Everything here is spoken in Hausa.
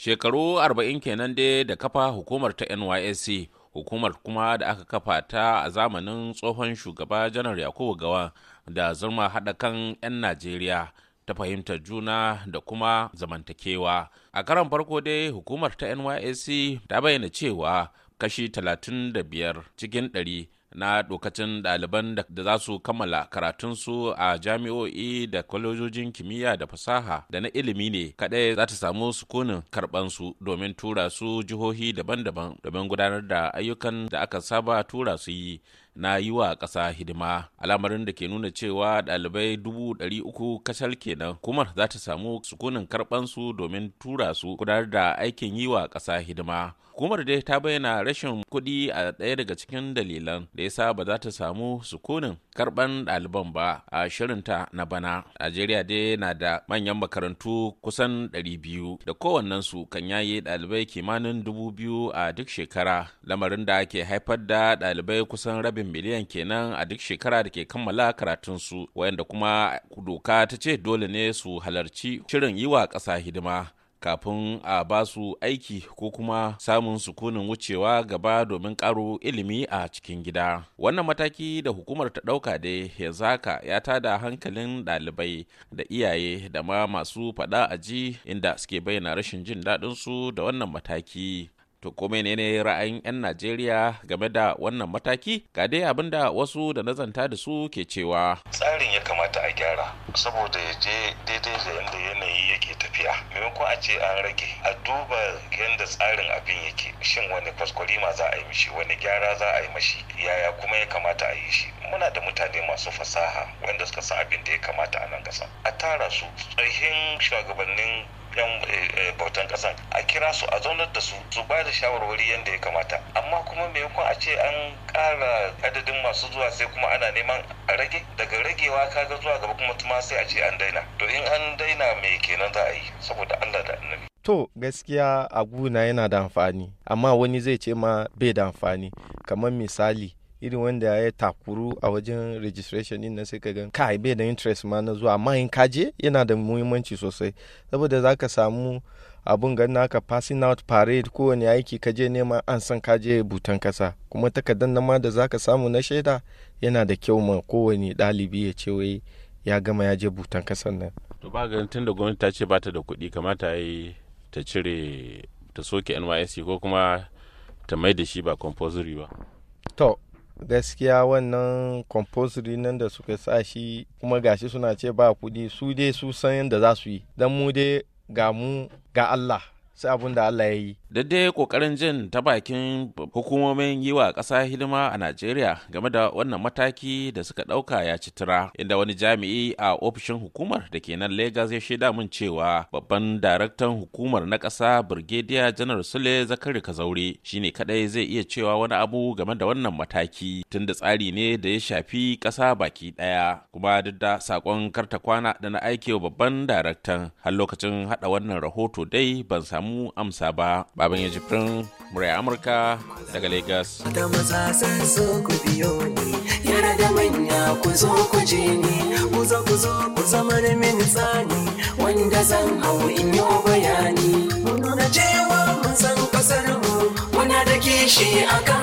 Shekaru arba'in kenan dai da kafa hukumar ta NYSC, hukumar kuma da aka kafa ta a zamanin tsohon shugaba janar Yakubu Gawa da zurma haɗa kan 'yan Najeriya ta fahimtar juna da kuma zamantakewa. A karan farko dai hukumar ta NYSC ta bayyana cewa kashi 35 cikin ɗari. na dokacin ɗaliban da za su kammala karatunsu a jami'o'i da kwalejojin kimiyya da fasaha da na ilimi ne kaɗai za ta samu sukunin karɓansu domin tura su jihohi daban-daban domin gudanar da ayyukan da aka saba tura su yi na yi wa ƙasa hidima al'amarin da ke nuna cewa ɗalibai dubu ɗari uku kacal kenan kuma za ta samu sukunin karɓansu domin tura su kudar da aikin yi wa ƙasa hidima hukumar dai ta bayyana rashin kuɗi a ɗaya daga cikin dalilan da ya sa ba za ta samu sukunin karban ɗaliban ba a shirinta na bana. Najeriya dai na da manyan makarantu kusan 200 da kowannensu kan yayi ɗalibai kimanin 2000 a duk shekara lamarin da ake haifar da ɗalibai kusan rabin miliyan kenan a duk shekara da ke kammala karatunsu wayanda kuma doka ta ce dole ne su halarci shirin yiwa wa ƙasa hidima. kafin a ba su aiki ko kuma samun sukunin wucewa gaba domin karo ilimi a cikin gida wannan mataki da hukumar ta ɗauka dai yanzu haka ya tada hankalin ɗalibai da iyaye da ma masu faɗa a ji inda suke bayyana rashin jin daɗinsu da wannan mataki To ko menene ra'ayin 'yan Najeriya game da wannan mataki? Ga dai abin da wasu da nazanta da su ke cewa. Tsarin ya kamata a gyara saboda ya je daidai da yadda yanayi yake tafiya. Maimakon a ce an rage a duba yadda tsarin abin yake. Shin wani ma za a yi mishi wani gyara za a yi mashi yaya kuma ya kamata a yi shi. Muna da mutane masu fasaha wanda suka san abin da ya kamata a nan ƙasa. A tara su tsarhin shugabannin yan eh, eh, bautan kasan a kira su a zaunar da su su ba da shawarwari yadda ya kamata amma kuma maimakon a ce an kara adadin masu zuwa sai kuma ana neman a rage daga ragewa kaga zuwa gaba kuma tuma sai a ce an daina to in an daina mai kenan za a yi saboda Allah da annabi to gaskiya a yana da amfani amma wani zai ce ma bai da amfani kamar misali irin wanda ya takuru a wajen registration din na sai ka gan kai bai da interest ma na zuwa amma in ka je yana da muhimmanci sosai saboda za ka samu abun gan naka passing out parade kowane aiki ka je nema an san ka je butan kasa kuma takardar na ma da za ka samu na shaida yana da kyau ma kowane ɗalibi ya ce wai ya gama ya je butan kasan nan. to ba ganin tun da gwamnati ta ce ba ta da kuɗi kamata yi ta cire ta soke nysc ko kuma ta mai da shi ba compulsory ba. to gaskiya wannan compulsory nan da suka sa shi kuma gashi suna ce ba kudi su dai su san yadda za su yi don mu dai ga mu ga Allah su abun da Allah ya yi. Daddai kokarin jin ta bakin hukumomin yi wa ƙasa hidima a Najeriya game da wannan mataki da suka ɗauka ya citira inda wani jami'i a ofishin hukumar da ke nan Legas ya shaida min cewa babban daraktan hukumar na ƙasa Birgediya Janar Sule Zakari Kazaure shine kaɗai zai iya cewa wani abu game da wannan mataki tunda tsari ne da ya shafi ƙasa baki ɗaya kuma duk da saƙon karta kwana da na wa babban daraktan har lokacin haɗa wannan rahoto dai ban samu samu amsa ba baban ya ji firin murya amurka daga lagos da maza san so ku biyo ni yara da manya ku zo ku ji ni ku zo ku zo ku zama da min tsani wanda zan hau in yi bayani mun nuna cewa mun san kasar mu muna da kishi akan